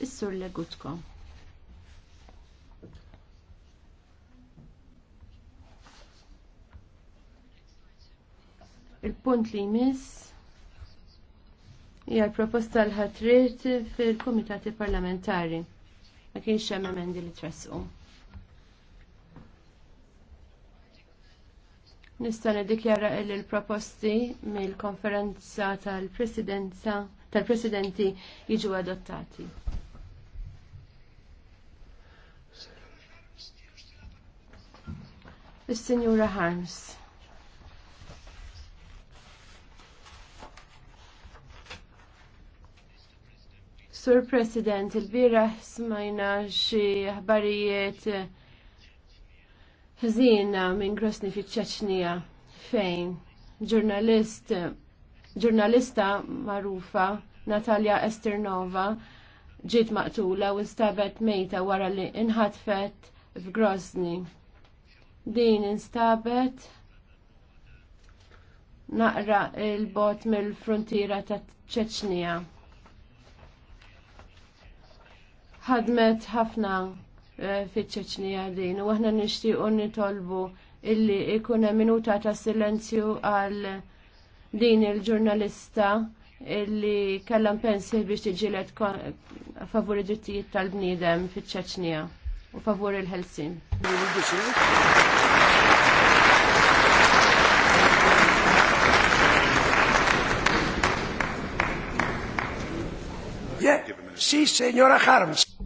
Is-sur Legutko. Il-punt li jmiss hija l proposta l-ħatrit fil-Kumitati Parlamentari. Ma kienx hemm emendi li trasqu. Nista' niddikjara li l-proposti mill-konferenza tal-presidenza tal-presidenti jiġu adottati. Is-Sinjura Harms. Sur President, il-bira smajna xie ħbarijiet ħżina minn Grosni fi ċeċnija fejn ġurnalist ġurnalista marufa Natalja Esternova ġiet maqtula u stabet mejta wara li inħatfet f'Grosni din instabet naqra il-bot mill-frontiera ta' ċeċnija. Ħadmet ħafna eh, fit ċeċnija din u aħna nixtiequ nitolbu illi ikun hemm minuta ta' silenzju għal din il-ġurnalista illi kellam pensi biex tiġilet favuri drittijiet tal-bniedem fiċ ċeċnija u favor il helsin Sì, signora Harms.